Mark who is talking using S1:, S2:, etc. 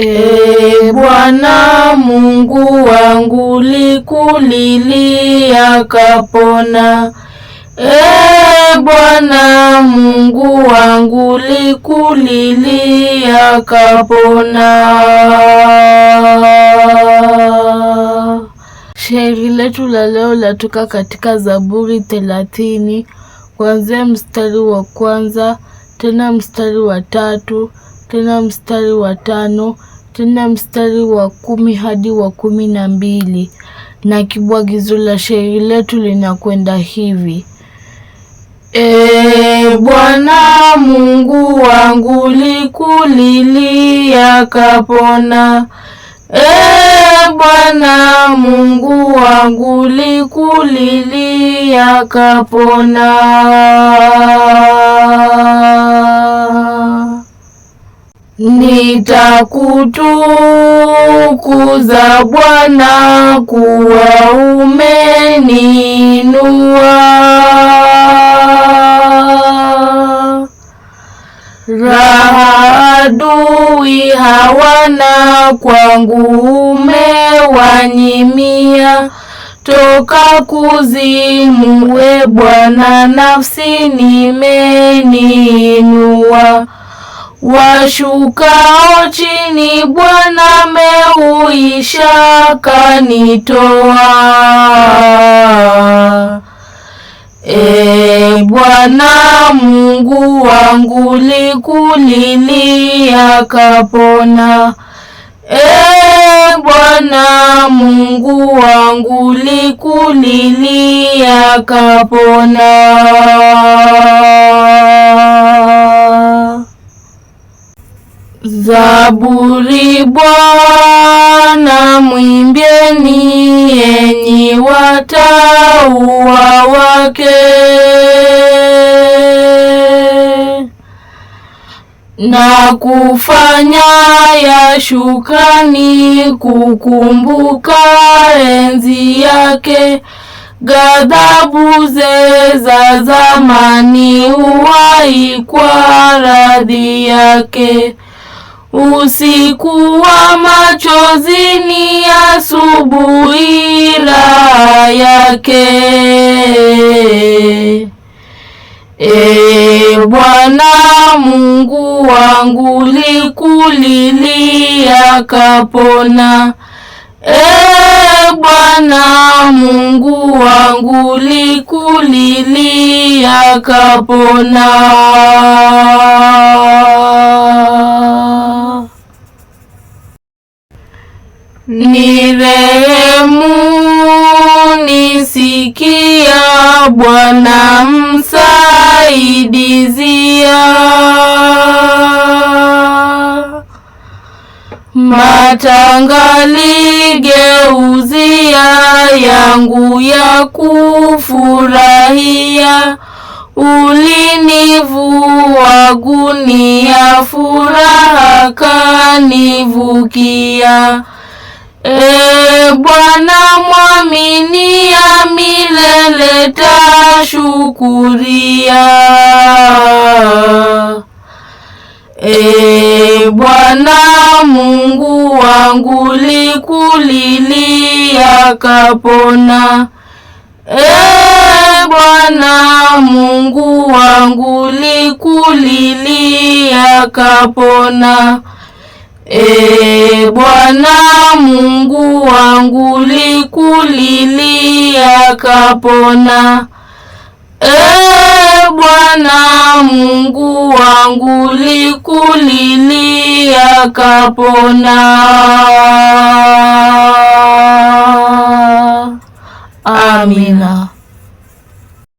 S1: E Bwana Mungu wangu, likulilia kapona. E Bwana Mungu wangu, likulilia kapona. Shairi letu la leo latoka katika Zaburi thelathini kuanzia mstari wa kwanza tena mstari wa tatu tena mstari wa tano tena mstari wa kumi hadi wa kumi na mbili na kibwagizo la shairi letu linakwenda hivi: E Bwana Mungu wangu, likulilia kapona. E Bwana Mungu wangu, likulilia kapona. Nitakutukuza Bwana, kuwa umeniinua. Raha adui hawana, kwangu umewanyimia. Toka kuzimu, e Bwana, nafsi nimeniinua Washukao chini, Bwana meuisha kanitoa. E Bwana Mungu wangu, likulilia kapona. E Bwana Mungu wangu, likulilia kapona. Zaburi Bwana mwimbieni, enyi watauwa wake. Na kufanya ya shukrani, kukumbuka enzi yake. Ghadhabu ze za zamani, uwaikwa radhi yake. Usiku wa machozi ni asubuhi raha yake. Ee Bwana Mungu wangu, likulilia kapona. Ee Bwana Mungu wangu, likulilia kapona. Nirehemu nisikia, Bwana msaidizia. Matangaligeuzia, yangu ya kufurahia. Ulinivua gunia furaha akanivukia. E Bwana mwaminia, milele tashukuria. E Bwana Mungu wangu, likulilia kapona. E Bwana Mungu wangu likulilia kapona. E Bwana Mungu wangu likulilia kapona. E Bwana Mungu wangu likulilia kapona. Amina.